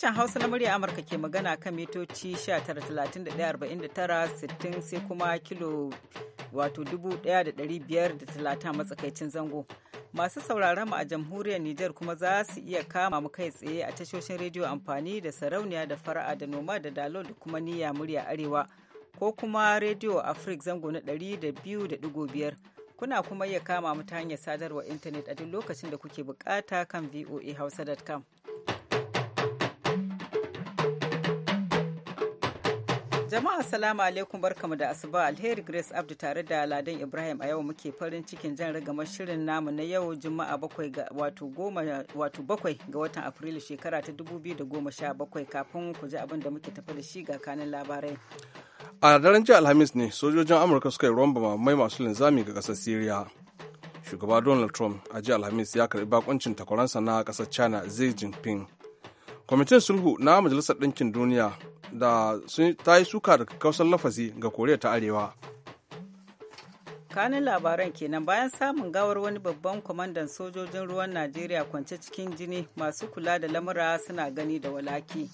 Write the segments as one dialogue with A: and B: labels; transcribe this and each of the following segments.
A: Sashen Hausa na murya Amurka ke magana kan mitoci 19,31,49,60 sai kuma kilo wato 1,530 matsakaicin zango. Masu sauraron mu a jamhuriyar Nijar kuma za su iya kama mu kai tsaye a tashoshin rediyo amfani da sarauniya da fara'a da noma da dalo da kuma niyya murya arewa ko kuma rediyo Afrik zango na 200.5. Kuna kuma iya kama mu ta hanyar sadarwa intanet a duk lokacin da kuke bukata kan voa hausa.com Jama'a salamu alaikum barkamu da asuba alheri Grace Abdu tare da Ladan Ibrahim a yau muke farin cikin jan ragamar shirin namu na yau Juma'a bakwai ga wato goma wato bakwai ga watan Afrilu shekara ta 2017 kafin ku ji abin da muke tafi da shi ga kanin labarai.
B: A daren jiya Alhamis ne sojojin Amurka suka yi romba mai masu linzami ga kasar Siriya. Shugaba Donald Trump a jiya Alhamis ya karbi bakuncin takwaransa na kasar China Xi Jinping. Kwamitin Sulhu na Majalisar Ɗinkin Duniya da ta yi suka da kausar lafazi ga koriya ta arewa
A: kanin labaran kenan bayan samun gawar wani babban kwamandan sojojin ruwan najeriya kwance cikin jini masu kula da lamura suna gani da walaki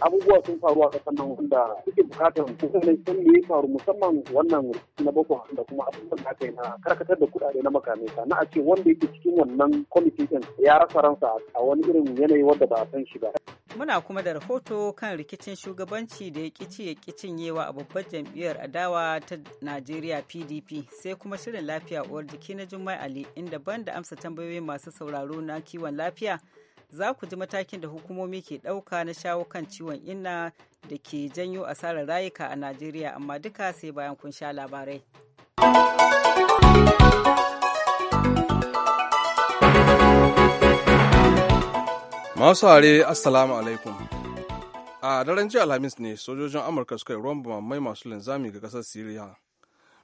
C: abubuwa sun faru a ƙasar nan wanda suke bukatar mutane sun me ya faru musamman wannan na boko da kuma abubuwan da aka yi na karkatar da kuɗaɗe na makamai na a ce wanda yake cikin wannan kwamitin ya rasa ransa a wani irin yanayi wanda ba a san shi ba.
A: Muna kuma da rahoto kan rikicin shugabanci da ya ƙici ya ƙicin yewa a babbar jam'iyyar adawa ta Najeriya PDP sai kuma shirin lafiya uwar jiki na Jummai Ali inda banda amsa tambayoyin masu sauraro na kiwon lafiya za ku ji matakin da hukumomi ke ɗauka na shawo kan ciwon inna da ke janyo asarar rayuka a najeriya amma duka sai bayan kun sha labarai
B: masu hare assalamu alaikum a daren jiya alhamis ne sojojin amurka suka yi ruwan mai masu linzami ga kasar siriya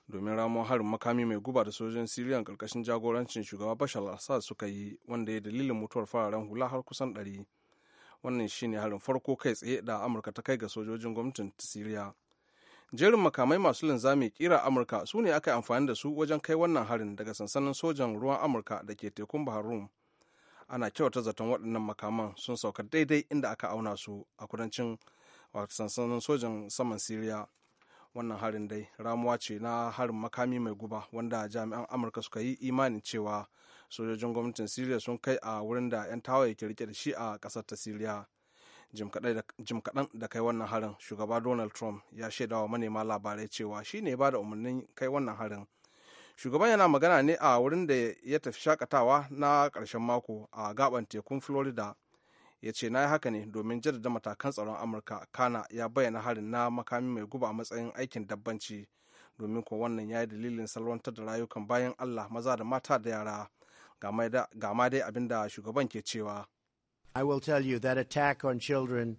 B: domin ramo harin makami mai guba da sojojin siriya karkashin jagorancin shugaba bashar al-assad suka yi wanda ya dalilin mutuwar fararen hula har kusan ɗari wannan shine harin farko kai tsaye da amurka ta kai ga sojojin gwamnatin siriya jerin makamai masu linzami kira amurka su ne aka yi amfani da su wajen kai wannan harin daga sansanin sojan ruwan amurka da ke tekun bahar rum ana kyauta zaton waɗannan makaman sun sauka daidai inda aka auna su a kudancin sansanin sojan saman siriya wannan harin dai ramuwa ce na harin makami mai guba wanda jami'an amurka suka yi imanin cewa sojojin gwamnatin siriya sun kai a wurin da 'yan tawaye ke rike da shi a kasar ta siriya jim kaɗan da kai wannan harin shugaba donald trump ya shaidawa manema labarai cewa shi ne ba da umarnin kai wannan harin shugaban yana magana ne a wurin da ya tafi shakatawa na ƙarshen mako a gaban tekun florida ya ce na yi haka ne domin jaddada matakan tsaron amurka kana ya bayyana harin na makami mai guba a matsayin aikin dabbanci domin kuwa wannan ya yi dalilin salwantar da rayukan bayan allah maza da mata da yara ga ma dai abin da shugaban ke cewa i will tell you that attack on children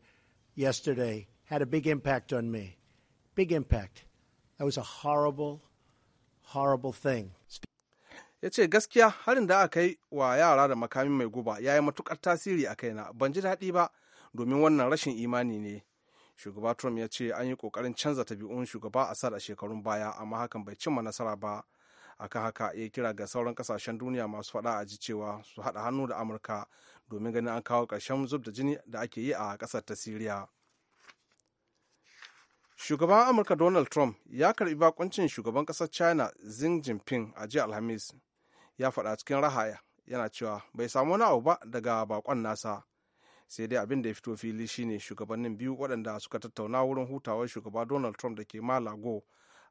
B: yesterday had a
C: big impact on me big impact that was a horrible horrible
B: thing ya ce gaskiya harin da aka yi wa yara da makami mai guba ya yi matukar tasiri a kaina ban ji daɗi ba domin wannan rashin imani ne shugaba trump ya ce an yi kokarin canza tabi'un shugaba assad a shekarun baya amma hakan bai cimma nasara ba aka haka ya kira ga sauran kasashen duniya masu faɗa a ji cewa su haɗa hannu da amurka domin ganin an kawo ƙarshen zub da jini da ake yi a ƙasar ta siriya shugaban amurka donald trump ya karbi bakuncin shugaban ƙasar china xi jinping a jiya alhamis ya faɗa cikin rahaya yana cewa bai samu wani abu ba daga bakon nasa sai dai abin da ya fito fili shine shugabannin biyu waɗanda suka tattauna wurin hutawar shugaba donald trump da ke malago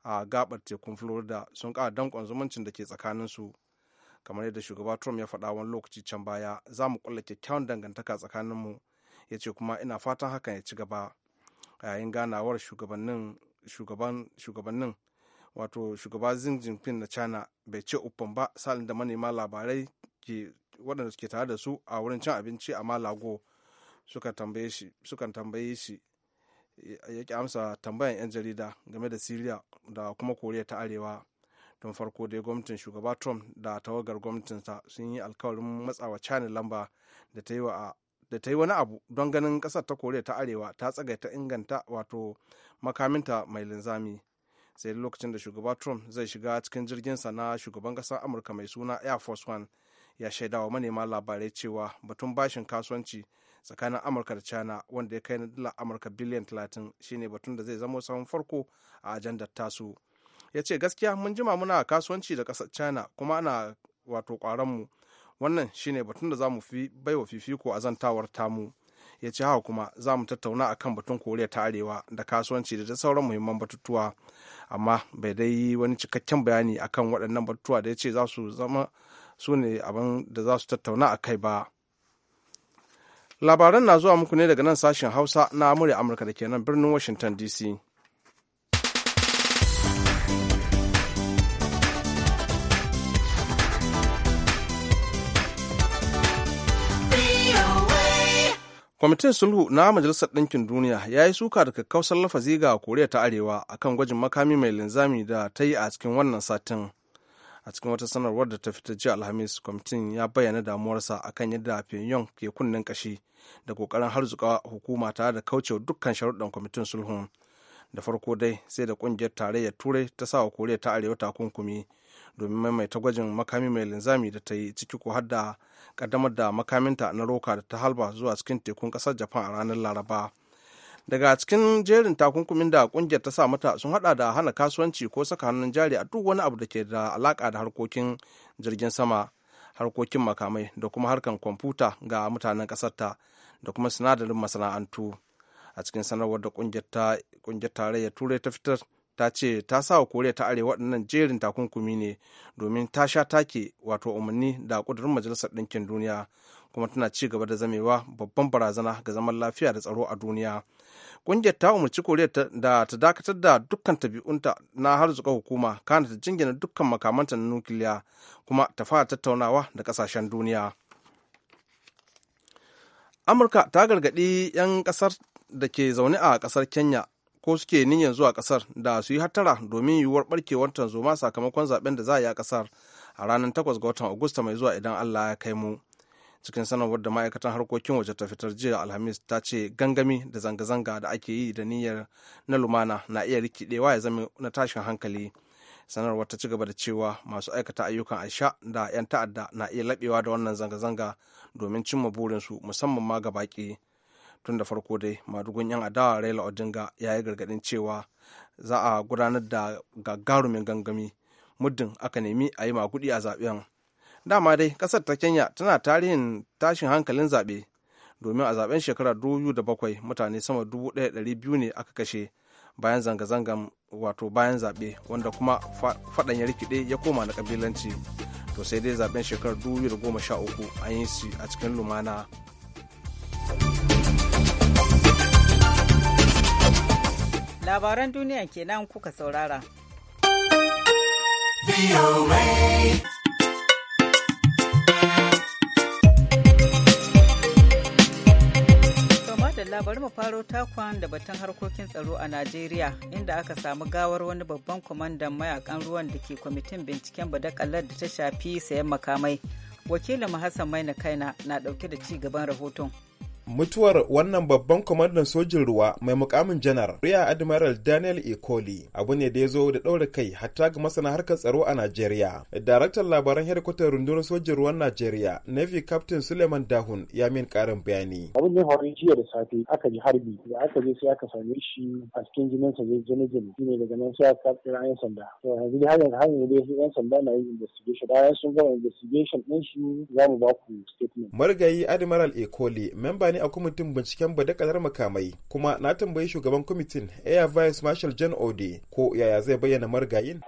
B: a gabar tekun florida sun ƙara danƙon zumuncin da ke tsakaninsu kamar yadda shugaba trump ya faɗa wani lokaci can baya za mu ƙulla kyakkyawan dangantaka tsakaninmu ya ce kuma ina fatan hakan ya ci gaba a yayin ganawar shugabannin wato shugaba xi jinping na china bai ce uffan ba salin da manema labarai ke waɗanda suke tare da su a wurin cin abinci a malago suka tambaye shi sukan tambaye shi ya ki amsa tambayan 'yan jarida game da syria da kuma koriya ta arewa don farko dai gwamnatin shugaba trump da tawagar gwamnatinsa sun yi alkawarin matsawa china lamba da ta yi da ta yi wani abu don ganin kasar ta koriya ta arewa ta tsagaita inganta wato makaminta mai linzami sai lokacin da shugaba trump zai shiga cikin jirgin sa na shugaban kasar amurka mai suna air force one ya shaidawa manema labarai cewa batun bashin kasuwanci tsakanin amurka da china wanda ya kai na dala amurka biliyan talatin shine batun da zai zama sahun farko a ajandar tasu ya ce gaskiya mun jima muna kasuwanci da kasar china kuma ana wato mu wannan shine batun da za mu fi baiwa fifiko a zantawar tamu ya ce hawa kuma za mu tattauna a kan batun koriya ta arewa da kasuwanci da ta sauran muhimman batutuwa amma bai dai yi wani cikakken bayani a kan waɗannan batutuwa da ya ce za su zama su ne abin da za su tattauna a kai ba labaran na zuwa muku ne daga nan sashen hausa na amurka da ke nan birnin washington dc kwamitin sulhu na majalisar ɗinkin duniya ya yi suka da kakkausar lafazi ga koriya ta arewa akan gwajin makami mai linzami da ta yi a cikin wannan satin a cikin wata sanarwar da ta fita jiya alhamis kwamitin ya bayyana damuwarsa akan yadda pyongyang ke kunnen kashi da kokarin harzuka hukuma tare da kaucewa dukkan sharuɗan kwamitin Sulhu, da farko dai sai da kungiyar tarayyar turai ta sa wa koriya ta arewa takunkumi domin maimaita gwajin makami mai linzami da ta yi ciki ko hadda kaddamar da makaminta na roka da ta halba zuwa cikin tekun kasar japan a ranar laraba daga cikin jerin takunkumin da kungiyar ta sa mata sun hada da hana kasuwanci ko saka hannun jari a duk wani abu da ke da alaka da harkokin jirgin sama harkokin makamai da kuma harkan kwamfuta ga mutanen kasar ta da kuma sinadarin masana'antu a cikin sanarwar da kungiyar tarayyar turai ta fitar ta ce ta sa wa koriya ta arewa waɗannan jerin takunkumi ne domin ta sha take wato umarni da ƙudurin majalisar ɗinkin duniya kuma tana ci gaba da zamewa babban barazana ga zaman lafiya da tsaro a duniya ƙungiyar ta umarci koriya da ta dakatar da dukkan tabi'unta na har harzuka hukuma kana ta jingina dukkan makamanta na nukiliya kuma ta fara tattaunawa da ƙasashen duniya amurka ta gargaɗi 'yan ƙasar da ke zaune a ƙasar kenya ko suke niyyar zuwa kasar da su yi hattara domin yiwuwar barkewar tanzoma sakamakon zaben da za a yi a kasar a ranar 8 ga watan agusta mai zuwa idan allah ya kai mu cikin sanarwar da ma'aikatan harkokin waje ta fitar jiya alhamis ta ce gangami da zanga-zanga da ake yi da niyyar na lumana na iya rikidewa ya zama na tashin hankali sanarwar ta ci gaba da cewa masu aikata ayyukan aisha da 'yan ta'adda na iya labewa da wannan zanga-zanga domin cimma burinsu musamman ma ga baƙi tun da farko dai madugun yan adawa raila odinga ya yi gargadin cewa za a gudanar da gagarumin gangami muddin aka nemi a yi magudi a zaɓen. dama dai ƙasar ta kenya tana tarihin tashin hankalin zaɓe domin a zaben shekarar 2007 mutane sama 1,200 ne aka kashe bayan zanga-zangan wato bayan zaɓe wanda kuma faɗan ya rikide ya koma na ƙabilanci to sai dai zaben shekarar uku an yi shi a cikin lumana
A: labaran duniya kenan kuka saurara. bari mu faro takwan da batun harkokin tsaro a Najeriya inda aka samu gawar wani babban kwamandan mayakan ruwan da ke kwamitin binciken badakalar da ta shafi sayan makamai. Wakilin Hassan Maina Kaina na dauke da ci gaban rahoton.
D: mutuwar wannan babban kwamandan sojin ruwa mai mukamin janar riya admiral daniel ecoli abu ne da ya zo da ɗaura kai hatta ga masana harkar tsaro a najeriya daraktan labaran hedikwatar rundunar sojin ruwan najeriya navy captain suleiman dahun ya min karin bayani
C: abin ya faru jiya da safe aka ji harbi da aka je sai aka same shi a cikin jinin sa jini jini shine daga nan sai aka kira yan sanda to yanzu dai hanyar hanyar da dai yan
D: sanda na yin investigation bayan sun gama investigation din shi za mu ba ku statement marigayi admiral ecoli memba ne a kwamitin binciken badakalar makamai kuma na tambayi shugaban kwamitin air vice marshal john ode ko yaya zai bayyana margayin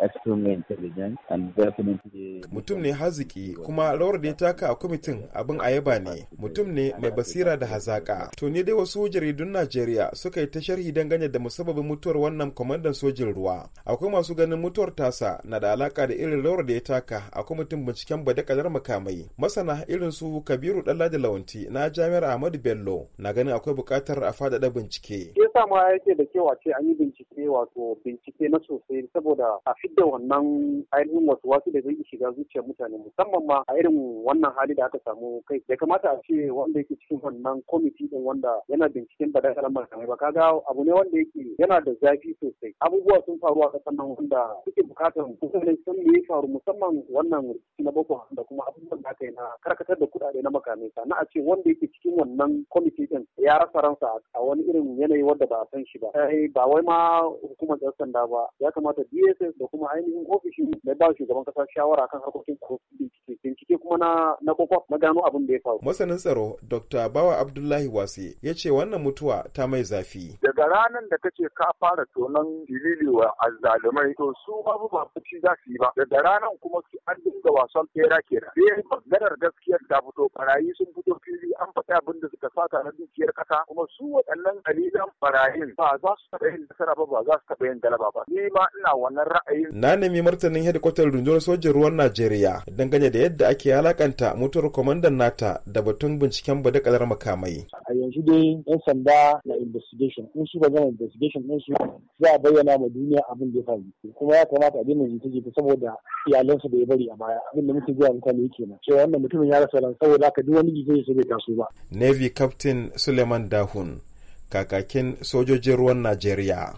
D: mutum ne haziki kuma rawar da ya taka a kwamitin abin ayaba ne mutum ne mai basira da hazaka to ne dai wasu jaridun najeriya suka yi ta sharhi dangane da musababin mutuwar wannan kwamandan sojin ruwa akwai masu ganin mutuwar tasa na da alaka da irin rawar da ya taka a kwamitin binciken badakalar makamai masana irin su kabiru dalla da lawanti na jami'ar ahmadu bello bello na ganin akwai buƙatar a faɗaɗa bincike
C: shi yasa ma yake da cewa ce an yi bincike wato bincike na sosai saboda a fidda wannan ainihin wasu wasu da zai shiga zuciyar mutane musamman ma a irin wannan hali da aka samu kai ya kamata a ce wanda yake cikin wannan kwamiti din wanda yana binciken ba da makamai ba kaga abu ne wanda yake yana da zafi sosai abubuwa sun faru a ƙasar nan wanda suke bukatar mutane sun yi faru musamman wannan rikici na boko da kuma abubuwan da aka yi na karkatar da kuɗaɗe na makamai sannan a ce wanda yake cikin wannan shi kwamiti ya rasa ransa a wani irin yanayi wanda ba a san shi ba eh, ba wai ma hukumar ɗan sanda ba ya kamata DSS da kuma ainihin ofishin na ba shugaban kasa shawara kan harkokin bincike bincike kuma na na kokof na gano abin da ya faru masanin tsaro
D: Dr. Bawa Abdullahi Wase ya ce wannan mutuwa ta mai zafi
C: daga ranar da kace ka fara tonon dilili wa azzalumai to su babu ba fuci za su yi ba daga ranar kuma su an dinga wasan kera kenan sai eh, maganar gaskiyar da fito barayi sun fito fili an faɗi abin da suka fata na dukiyar kasa kuma su waɗannan ƙalilan barayin ba za su taɓa yin nasara ba ba za su taɓa yin galaba ba ni ma ina wannan ra'ayin.
D: na nemi martanin hedikwatar rundunar sojin ruwan najeriya dangane da yadda ake alakanta mutuwar kwamandan nata da batun binciken badakalar makamai.
C: a yanzu dai yan sanda na investigation in su ba gama investigation din su za a bayyana ma duniya abin da ya faru kuma ya kamata a dina jita jita saboda iyalansa da ya bari a baya abin da muke gaya mutane na cewa wannan mutumin ya rasa ran saboda haka duk wani jita jita bai taso
D: ba. Navy kaftin suleiman dahun kakakin sojojin ruwan najeriya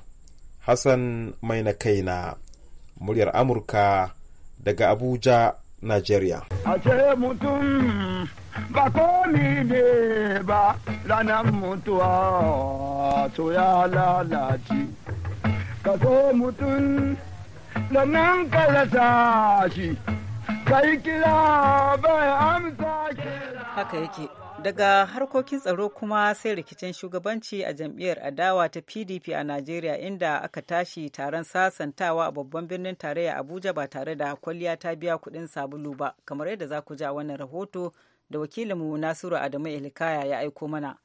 D: hassan mai na kaina muryar amurka daga abuja najeriya
C: ashe mutum ba komi
E: ne ba ranar mutuwa to ya lalace ka so mutum lannan ka rasa shi kai kira bai
A: amsa kira haka yake daga harkokin tsaro kuma sai rikicin shugabanci a jam'iyyar adawa ta pdp a najeriya inda aka tashi taron sasantawa a babban birnin tarayya abuja ba tare da kwalliya ta biya kuɗin sabulu ba kamar yadda za ku ja wannan rahoto da wakilinmu nasiru adamu ilikaya ya aiko mana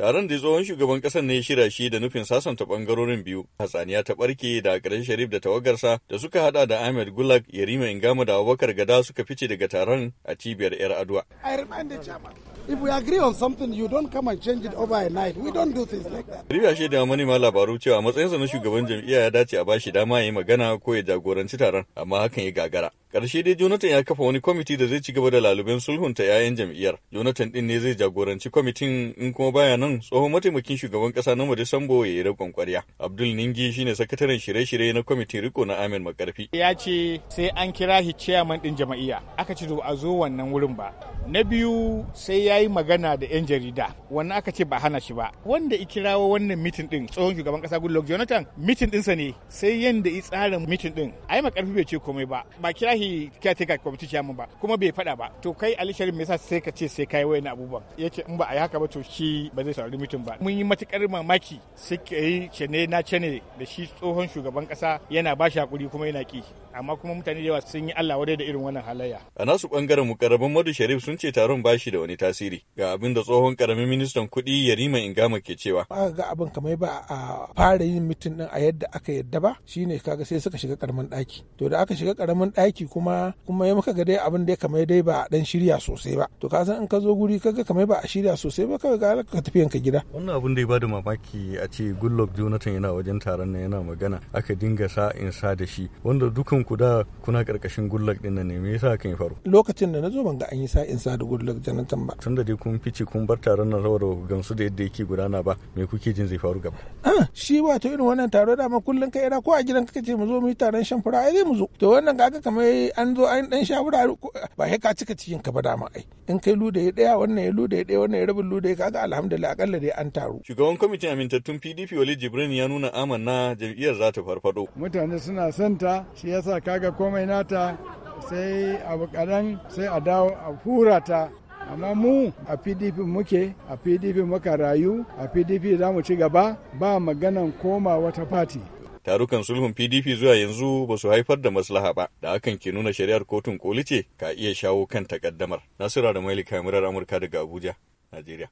F: Taron da tsohon shugaban kasar ne shirya shi da nufin sasanta bangarorin biyu. Hatsaniya ta barke da ƙarshen Sharif da tawagarsa da suka hada da Ahmed Gulag, Yarima Ingama da Abubakar Gada suka fice daga taron a cibiyar 'yar Adua.
D: I remind the chairman, if we agree on something you don't come and change it overnight. We don't do things like
F: that. manema labaru cewa matsayinsa na shugaban jam'iyya ya dace a bashi dama ya yi magana ko ya jagoranci taron, amma hakan ya gagara. karshe dai Jonathan ya kafa wani kwamiti da zai ci gaba da laluben sulhunta 'ya'yan jam'iyyar. Jonathan din ne zai jagoranci kwamitin in kuma baya nan tsohon mataimakin shugaban ƙasa na sambo ya yi rakon ƙwarya. Abdul Ningi shine sakataren shirye-shirye na kwamitin riko na Amin Makarfi.
D: Ya ce sai an kira shi ciyaman ɗin jam'iyya. Aka ce a zo wannan wurin ba. Na biyu sai ya yi magana da 'yan jarida. Wannan aka ce ba hana shi ba. Wanda i kirawo wannan mitin ɗin tsohon shugaban ƙasa Goodluck Jonathan mitin ɗinsa ne sai yanda i tsara mitin ɗin. Ai Makarfi bai ce komai ba. Ba kira wallahi caretaker committee chairman ba kuma bai faɗa ba to kai Ali Sharif me yasa sai ka ce sai kai wayannan abubuwan yace in ba a yi haka ba to shi ba zai saurari mutum ba mun yi matukar mamaki suke yi cene na cene da shi tsohon shugaban kasa yana ba shi hakuri kuma yana ki amma kuma mutane da yawa sun yi Allah wadai da irin wannan halayya
F: a nasu bangaren mukarrabin Madu Sharif sun ce taron ba shi da wani tasiri ga abin da tsohon karamin ministan kuɗi Yarima Ingama ke cewa
D: ba ga abin kamar ba a fara yin mitin din a yadda aka yadda ba shine kaga sai suka shiga karamin daki to da aka shiga karamin daki kuma kuma ya muka ga dai abin da kamar dai ba dan shirya sosai ba to ka san in ka zo guri kaga kamar ba
B: a shirya sosai ba kaga ga ka tafi yanka gida
F: wannan abin da ya bada mamaki a ce Goodluck Jonathan yana wajen taron nan yana magana aka dinga sa in sa da shi wanda dukan ku da kuna karkashin Goodluck din nan ne me yasa kan faru lokacin da na zo ban ga an yi sa in sa da Goodluck Jonathan ba tunda dai kun fice kun bar taron nan saboda gamsu da yadda yake gudana ba me kuke jin zai faru gaba shi wato irin
B: wannan taro ma kullun ka ra ko a gidan kake ce mu zo mu yi taron shan fura ai zai mu zo to wannan kaga kamar an zo an dan shawara ba sai ka cika cikin ka ba dama ai in kai luda ya daya wannan ya lude ya daya wannan ya rabin lude ya kaga alhamdulillah akalla dai an taru
F: shugaban kwamitin amintattun PDP Wali Jibrin ya nuna amanna jam'iyyar za ta farfado
B: mutane suna santa shi yasa kaga komai nata sai abu kadan sai a dawo a hura ta amma mu a pdp muke a pdp muka rayu a pdp za mu ci gaba ba maganan koma wata fati
F: tarukan sulhun PDP zuwa yanzu ba su haifar da maslaha ba, da hakan ke nuna shari'ar kotun koli ce ka iya shawo kan takaddamar. Nasira da Maili Kamirar Amurka daga Abuja, Najeriya.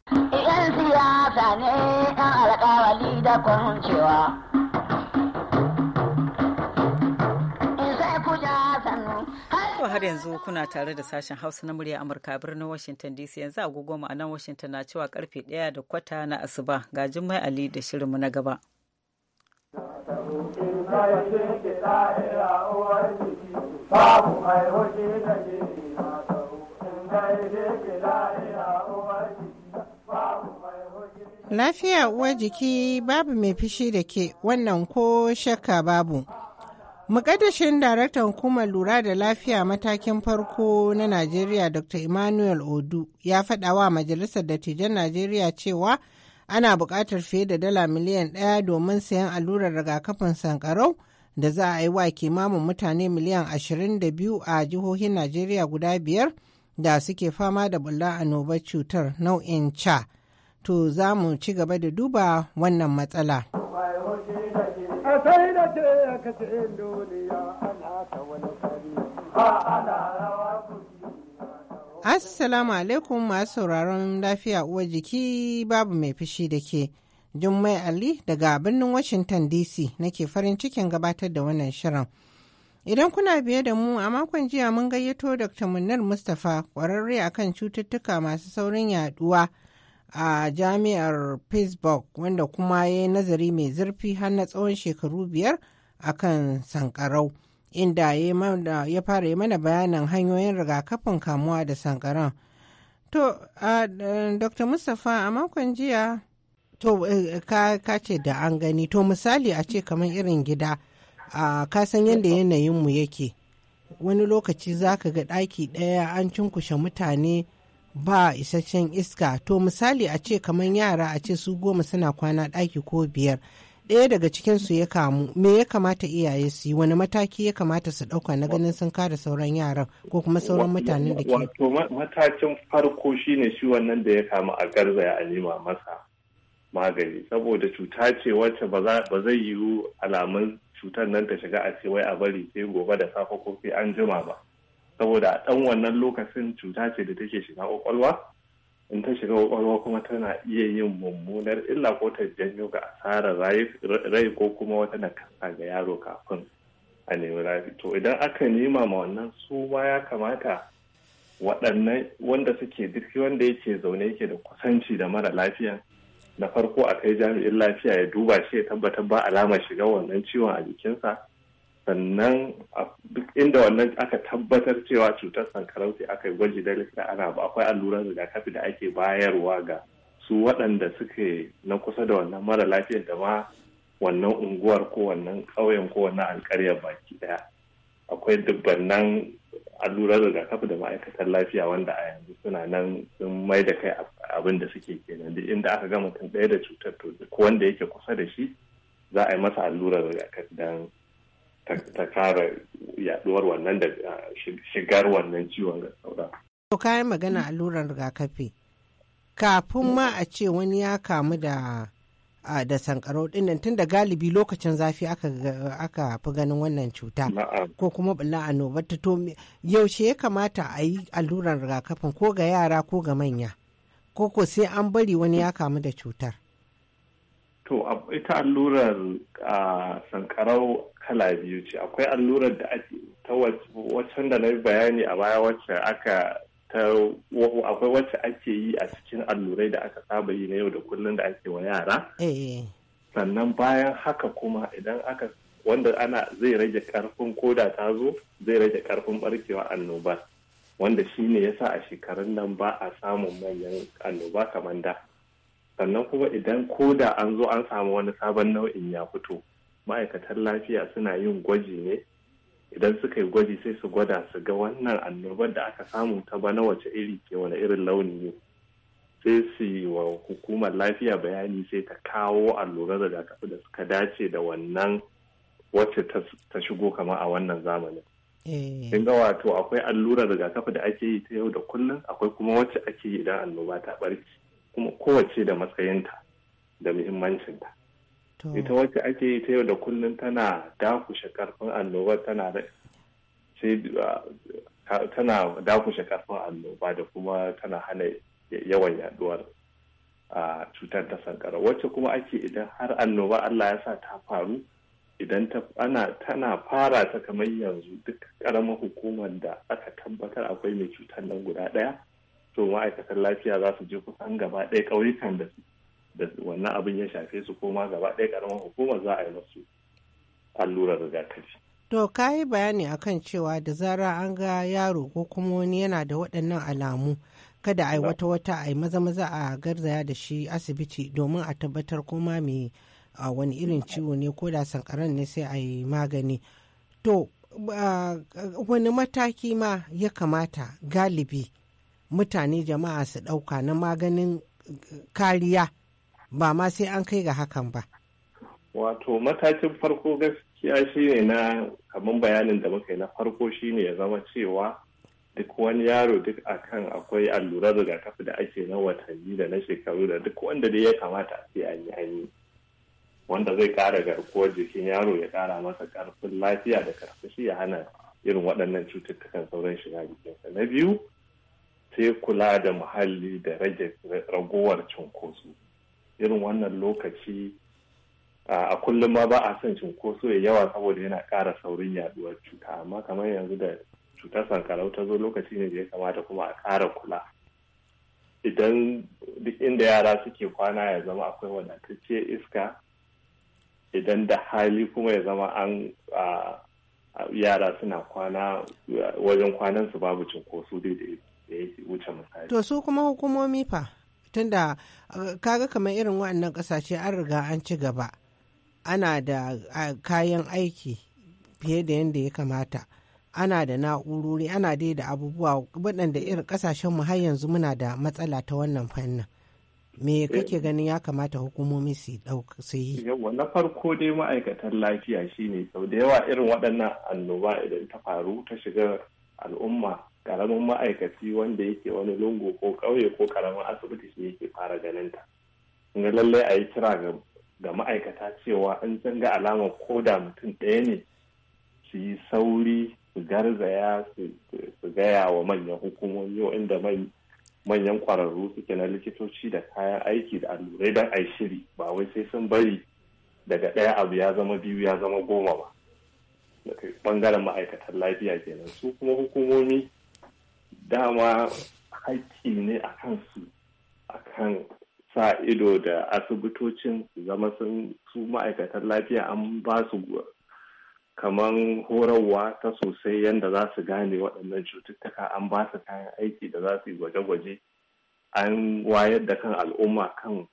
A: har yanzu kuna tare da sashen hausa na murya amurka birnin washington dc yanzu agogo ma'anan washington na cewa karfe 1 da kwata na asuba ga jummai ali da shirinmu na gaba
G: Lafiya uwa jiki babu mai fishi da ke wannan ko shakka babu. Mukaddashin daraktan hukumar lura da lafiya matakin farko na Najeriya Dr. Emmanuel Odu ya faɗa wa Majalisar Dattijan Najeriya cewa ana buƙatar fiye da dala miliyan ɗaya domin sayan allurar rigakafin sankarau da za a yi wa kimamin mutane miliyan 22 a jihohin Najeriya guda biyar da suke fama da bulla annobar cutar nau'in ca. To za mu ci gaba da duba wannan matsala.
C: ana rawa.
G: Assalamu alaikum masu sauraron lafiya uwa jiki babu mai fushi da ke. Jummai Ali daga birnin Washington DC nake farin cikin gabatar da wannan shirin. Idan kuna biye da mu a makon jiya mun gayyato Dr. Munir Mustapha kwararre akan cututtuka masu saurin yaduwa a jami'ar Pittsburgh wanda kuma ya yi nazari mai zurfi har na tsawon shekaru biyar akan sankarau. inda ya fara yi mana bayanin hanyoyin rigakafin kamuwa da sankaran. To, eh, Dr. Mustapha a makon jiya to eh, ka ce da an gani to misali a ce kamar irin gida ka san yadda yanayinmu yake wani lokaci za ka ga ɗaki ɗaya an cinkushe mutane ba isasshen iska to misali a ce kamar yara a ce su goma suna kwana ɗaki ko biyar ɗaya daga cikinsu ya kamu me ya kamata iyaye su yi wani mataki ya kamata su ɗauka na ganin sun kare sauran yaran ko kuma sauran mutanen da ke
H: wato matakin farko shine shi wannan da ya kamu a garzaya a nema masa magani saboda cuta ce wacce ba zai yiwu alamun cutar nan ta shiga a ce wai a bari sai gobe da safe ko sai an jima ba saboda a ɗan wannan lokacin cuta ce da take shiga kwakwalwa in ta shiga kwakwalwa kuma tana iya yin mummunar illa ko ta janyo ga asarar rai ko kuma wata nakasa ga yaro kafin a nemi rafi to idan aka nema ma wannan su ma ya kamata waɗannan wanda suke duk wanda yake zaune yake da kusanci da mara lafiya na farko a kai jami'in lafiya ya duba shi ya tabbatar ba alamar shiga wannan ciwon a jikinsa sannan duk inda wannan aka tabbatar cewa cutar sankarau sai aka yi gwaji da likita ana ba akwai allurar rigakafi da ake bayarwa ga su waɗanda suke na kusa da wannan mara lafiyar da ma wannan unguwar ko wannan ƙauyen ko wannan alƙaryar baki ɗaya akwai dubbannan allurar rigakafi da ma'aikatar lafiya wanda a yanzu suna nan sun mai da kai abin da suke kenan duk inda aka ga mutum ɗaya da cutar to duk wanda yake kusa da shi za a yi masa allurar rigakafi don ta kara yaduwar wannan da shigar wannan ciwon ga saura.
G: To kayan magana allurar rigakafi. Kafin ma a ce wani ya kamu da da sankarau dinnan tun da galibi lokacin zafi aka fi ganin wannan cuta ko kuma bulla annobar ta to yaushe ya kamata a yi alluran rigakafin ko ga yara ko ga manya ko ko sai an bari wani ya kamu da cutar
H: to ita allurar sankarau kala biyu ce akwai allurar da ake ta wacce da na bayani a baya wacce aka ta akwai wacce ake yi a cikin allurai da aka saba yi na yau da kullum da ake wa yara eh, eh. sannan bayan haka kuma idan aka wanda ana zai rage karfin koda ta zo zai rage karfin barkewa annoba wanda shi ne sa a shekarun nan ba a samun manyan annoba kamar da sannan kuma idan koda an zo an samu wani sabon nau'in ya fito ma'aikatan lafiya suna yin gwaji ne idan suka yi gwaji sai su gwada su ga wannan annobar da aka samu ta bana wace iri ke wani irin launi ne sai su yi wa hukumar lafiya bayani sai ta kawo allurar rigakafi da suka dace da wannan wacce ta shigo kama a wannan zamanin. Eh. Kin ga wato akwai allurar rigakafi da ake yi ta yau da kullum akwai kuma wacce ake yi idan annoba ta barki kuma kowace da matsayinta da muhimmancinta. ita wacce ake yi ta yau da kullum tana dakushe karfin annoba tana tana dakushe karfin annoba da kuma tana hana yawan yaduwar a cutar ta sankara wacce kuma ake idan har annoba Allah ya sa ta faru idan ana tana fara ta kamar yanzu duk karamar hukumar da aka tabbatar akwai mai cutar nan guda ɗaya to ma'aikatan lafiya za su je kusan gaba ɗaya ƙauyukan da su. da wannan abin ya shafe su koma gaba ɗaya ƙaramin hukumar za a yi masu allurar rigakafi.
G: To ka yi bayani a kan cewa da zara an ga yaro ko kuma wani yana da waɗannan alamu kada a yi wata wata a yi maza maza a garzaya da shi asibiti domin a tabbatar koma mai wani irin ciwo ne ko da sankaran ne sai a yi magani. To wani mataki ma ya kamata galibi mutane jama'a su ɗauka na maganin kariya ba ma sai an kai ga hakan ba
H: wato matakin farko gaskiya shine na kamar bayanin da muka yi na farko shi ne ya zama cewa duk wani yaro duk akan akwai allurar rigakafi da ake na watanni da na shekaru da duk wanda dai ya kamata a ce an yi an yi wanda zai kara garkuwar jikin yaro ya kara masa karfin lafiya da karfi ya hana irin waɗannan cututtukan sauran shiga jikinsa na biyu sai kula da muhalli da rage ragowar cunkoso irin wannan lokaci a kullum ma ba a son cinkoso ya yawa saboda yana kara saurin yaduwar cuta amma kamar yanzu da cutar sankarau ta zo lokaci ne da ya kamata kuma a kara kula idan duk inda yara suke kwana ya zama akwai wadatacce iska idan da hali kuma ya zama an yara suna kwana wajen kwanansu babu cinkoso dai da ya wuce misali to su
G: kuma hukumomi fa tunda uh, kaga kamar irin waɗannan kasashe an riga an ci gaba ana da uh, kayan aiki fiye da yadda ya kamata ana da na'urori ana dai da abubuwa waɗanda irin ƙasashen mu har yanzu muna da matsala ta wannan fannin me eh, kake ganin ya kamata hukumomi su ɗauka su yi
H: yawa na farko dai ma'aikatan lafiya shine sau da yawa irin waɗannan annoba idan ta faru ta shiga al'umma karamin ma'aikaci wanda yake wani lungu ko ƙauye ko karamin asibiti shi yake fara ganin ta ga lallai a yi kira ga ma'aikata cewa an san ga alamar ko da mutum ɗaya ne su yi sauri su garzaya su gaya wa manyan hukumomi inda manyan kwararru suke na likitoci da kayan aiki da allurai don yi shiri ba wai sai sun bari daga ɗaya abu ya zama biyu ya zama goma ba bangaren ma'aikatan lafiya kenan su kuma hukumomi dama haƙƙi ne a kansu a kan sa ido da asibitocin zama sun su ma'aikatan lafiya an ba su kamar horarwa ta sosai yadda za su gane waɗannan cututtuka an ba su kayan aiki da za su yi gwaje-gwaje an wayar da kan al'umma kan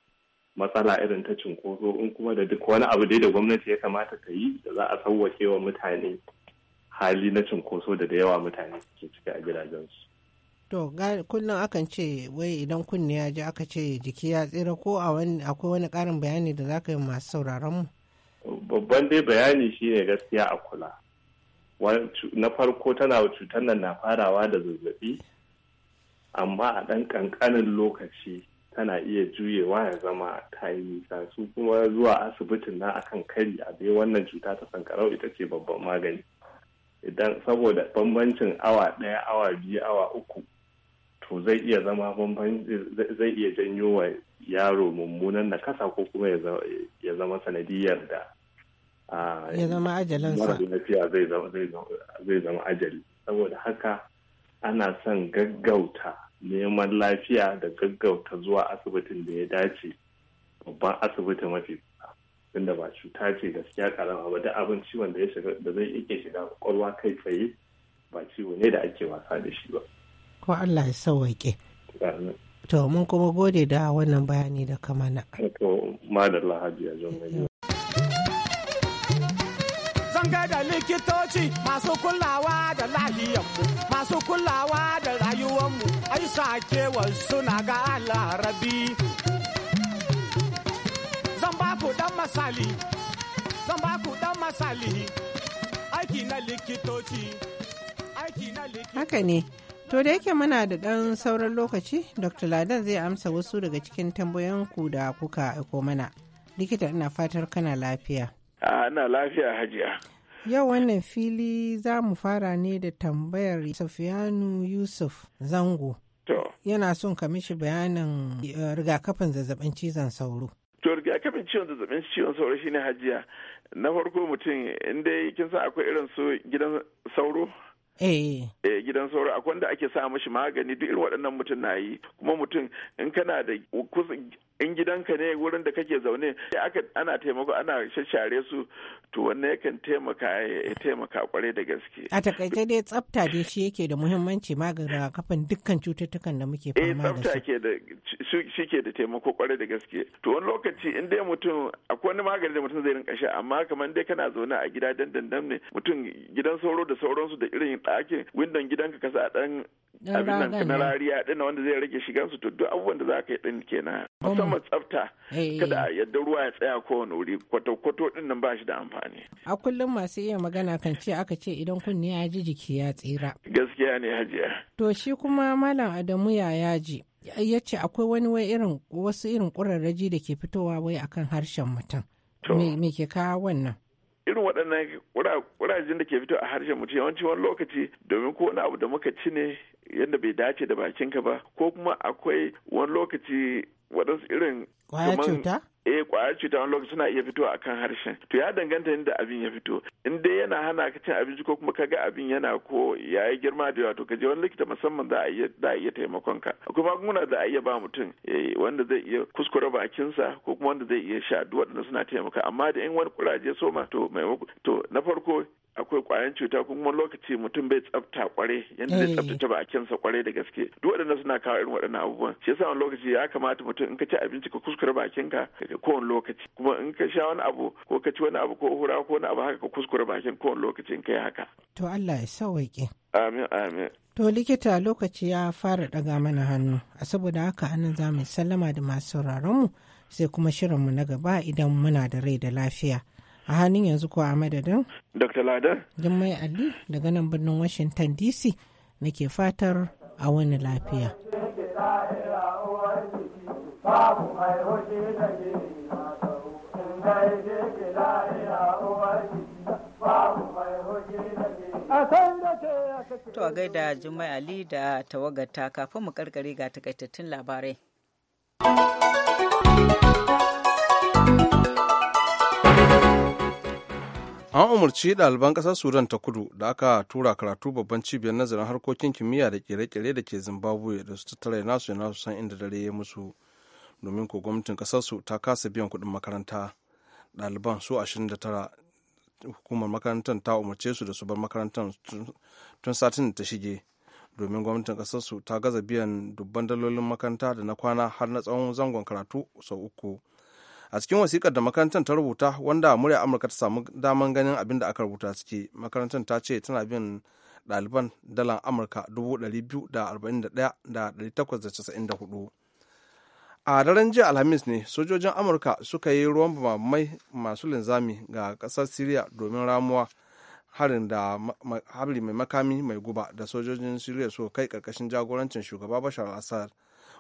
H: matsala irin ta cinkoso in kuma da duk wani abu dai da gwamnati ya kamata ta yi da za a sauwake wa mutane hali na cinkoso da da yawa mutane suke ciki a gidajensu.
G: To kullum akan ce wai idan kunne ya ji aka ce jiki ya tsira ko akwai wani ƙarin bayani da za ka yi masu sauraron mu?
H: Babban dai bayani shi ne gaskiya a kula. Na farko tana cutar nan na farawa da zazzabi, amma a ɗan ƙanƙanin lokaci tana iya juyewa ya zama ta yi nisa su kuma zuwa asibitin na akan kari a bai wannan cuta ta sankarau ita ce babban magani. Idan saboda bambancin awa ɗaya awa biyu awa uku to zai iya zama zai iya janyo wa yaro mummunan na kasa ko kuma ya zama sanadiyar da ya zama ajalinsa lafiya zai zama ajali saboda haka ana son gaggauta neman lafiya da gaggauta zuwa asibitin da ya dace babban asibiti mafi tunda ba cuta ce gaskiya karama ba da abin ciwon da zai iya shiga kwakwalwa kai tsaye ba ciwo ne da ake wasa da shi ba.
G: ko Allah ya sauwaƙe. To mun kuma gode da wannan bayani da kamana.
H: To madalla hajiya zan
G: Zanga da likitoci masu kulawa da lahiyanmu, masu kulawa da rayuwanmu, ai kewar suna ga Rabi Zan ba ku dan masali zan ba ku dan masali aiki na likitoci, aiki na likitoci. Haka ne. To da yake muna da ɗan sauran lokaci, Dr. Ladan zai amsa wasu daga cikin tambayanku da kuka aiko mana. Likita ina fatar kana lafiya.
E: Ana lafiya hajiya.
G: Yau wannan fili za mu fara ne da tambayar Safiyanu Yusuf Zango. Yana son ka mishi bayanin eh, rigakafin zazzabin cizon sauro.
E: To rigakafin ciwon zazzabin ciwon sauro shine hajiya. Na farko mutum in kin san akwai irin su gidan sauro Eh. eh gidan sauro akwai wanda ake sa mashi magani duk irin waɗannan mutum na yi kuma mutum in kana da in gidanka ne wurin da kake zaune aka ana taimako ana shashare su to wannan yakan taimaka ya taimaka kwarai da gaske
G: a takaice dai tsafta dai shi yake da muhimmanci maganin kafin dukkan cututtukan da muke fama da eh, su tsafta
E: ke da shi ke da taimako kwarai da gaske to wani lokaci in dai mutum akwai wani magani da mutum zai rinka sha amma kamar dai kana zaune a gida dandan ne mutum gidan sauro da sauransu da irin ɗakin windon gidanka kasa a dan abin nan na rariya din wanda zai rage shigan su to duk abubuwan da za ka yi din kenan musamman tsafta kada yadda ruwa ya tsaya kowane wuri kwato-kwato din nan ba shi da
G: amfani a kullum masu iya magana kan ce aka ce idan kunne ya ji jiki ya tsira
E: gaskiya ne hajiya
G: to shi kuma malam adamu ya yaji ya ce akwai wani wai irin wasu irin ƙurarraji da ke fitowa wai akan harshen mutum me ke kawo wannan
E: irin waɗannan wurajen da ke fito a harshen mutum yawanci wani lokaci domin ko wani abu da muka ci ne yadda bai dace da bakinka ba ko kuma akwai wani lokaci waɗansu irin kwaya eh kwayar cuta wani lokaci suna iya fitowa kan harshen to ya danganta da abin ya fito in dai yana hana ka cin abinci ko kuma ka ga abin yana ko ya yi girma da yawa to ka je wani likita musamman za a iya taimakon ka akwai magunguna da a iya ba mutum eh, wanda zai iya kuskure bakinsa ko kuma wanda zai iya sha duk waɗanda suna taimaka amma da in wani kuraje soma to to na farko akwai kwayan cuta kuma lokaci mutum bai tsafta kware yadda zai eh. tsaftace bakinsa kware da gaske duk waɗannan suna kawo irin waɗannan abubuwan shi yasa wani lokaci ya kamata mutum in ka ci abinci ka kuskure bakinka ka kowane lokaci kuma in ka sha wani abu ko ka ci wani abu ko hura ko wani abu haka ka kuskure bakin kowane lokaci in ka yi haka.
G: to Allah ya sauwaƙe.
E: amin amin.
G: To likita lokaci ya fara ɗaga mana hannu, a saboda haka anan za mu sallama da masu mu sai kuma shirinmu na gaba idan muna da rai da lafiya. a hannun yanzu ko a madadin
E: dr lada
G: jummai ali daga nan birnin washington dc na ke fatar a wani lafiya
A: To a gaida Jummai Ali da tawagata kafin mu karkare ga takaitattun labarai.
B: an umarci ɗaliban ƙasar sudan ta kudu da aka tura karatu babban cibiyar nazarin harkokin kimiyya da kere-kere da ke zimbabwe da su tattara nasu yana su san inda dare ya musu domin ko gwamnatin ƙasarsu ta kasa biyan kuɗin makaranta ɗaliban su 29 hukumar makarantar ta umarce su da su bar makarantar tun satin da ta shige domin gwamnatin ƙasarsu ta gaza biyan dubban dalolin makaranta da na kwana har na tsawon zangon karatu sau uku a cikin wasikar da makarantar ta rubuta wanda murya amurka ta samu daman ganin abin da aka rubuta suke makarantar ta ce tana bin ɗaliban dalar amurka 241,894 a daren jiya alhamis ne sojojin amurka suka yi ruwan bamamai masu linzami ga kasar siriya domin ramuwa harin da mai makami mai guba da sojojin siriya suka kai ƙarƙashin jagorancin shugaba bashar al-assad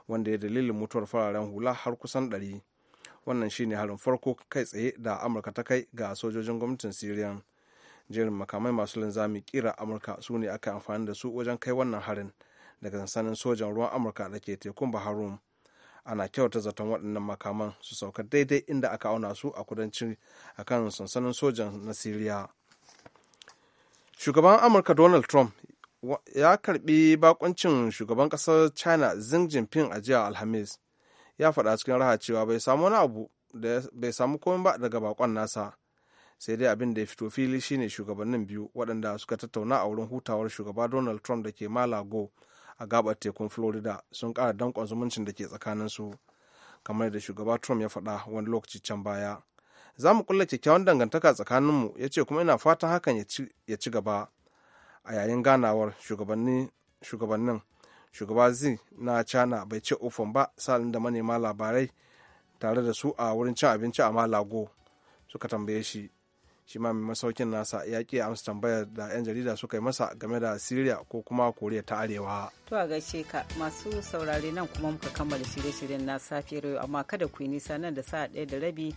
B: wanda ya dalilin mutuwar fararen hula har kusan 100 wannan shine harin farko kai tsaye da amurka ta kai ga sojojin gwamnatin syria jerin makamai masu linzami kira amurka su ne aka amfani da su wajen kai wannan harin daga sansanin sojan ruwan amurka da ke tekun baharum ana kyauta zaton waɗannan makaman su sauka daidai inda aka auna su a kudancin akan sansanin sojan na syria shugaban amurka donald trump ya karbi bakuncin shugaban kasar china xi jinping a jiya alhamis ya faɗa cikin raha cewa bai samu wani abu da bai samu komai ba daga bakon nasa sai dai abin da ya fito fili shine shugabannin biyu waɗanda suka tattauna a wurin hutawar shugaba donald trump da ke malago a gabar tekun florida sun kara danƙon zumuncin da ke tsakanin su kamar da shugaba trump ya faɗa wani lokaci can baya za mu kulle kyakkyawan dangantaka tsakaninmu ya ce kuma ina fatan hakan ya ci gaba a yayin ganawar shugabannin shugaba zin na china bai ce ofan ba salin da manema labarai tare da su a wurin cin abinci a malago suka tambaye shi shi ma mai masaukin nasa ya ƙi amsa tambayar da 'yan jarida suka yi masa game da syria ko kuma koriya ta arewa
A: to a gaishe ka masu saurare nan kuma muka kammala shirye-shiryen na safiyar yau amma kada ku yi nisa nan da sa'a ɗaya da rabi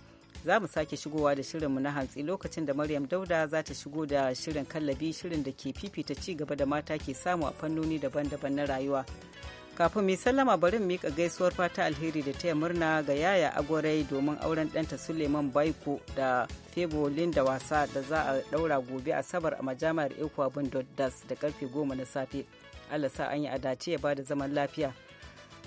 A: za mu sake shigowa da shirinmu na hantsi lokacin da maryam dauda za ta shigo da shirin kallabi shirin da ke fifita ci gaba da mata ke samu a fannoni daban-daban na rayuwa kafin mai sallama bari mu mika gaisuwar fata alheri da taya murna ga yaya agwarai domin auren ɗanta suleiman baiko da febo linda wasa da za a ɗaura gobe asabar a majami'ar ekwa das da karfe goma na safe allah sa an yi dace ya ba da zaman lafiya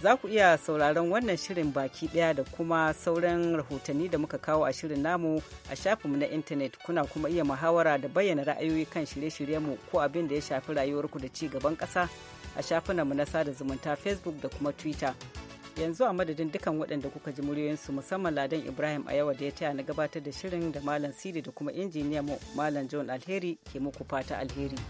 A: za ku iya sauraron wannan shirin baki daya da kuma sauran rahotanni da muka kawo a shirin namu a shafinmu na intanet kuna kuma iya muhawara da bayyana ra'ayoyi kan shirye-shiryenmu ko abin da ya shafi rayuwarku da ci gaban ƙasa a shafinmu na sada zumunta facebook da kuma twitter yanzu a madadin dukan waɗanda kuka ji muryoyinsu musamman ladan ibrahim a yawa da ya taya na gabatar da shirin da malam sidi da kuma injiniya mu malam john alheri ke muku fata alheri.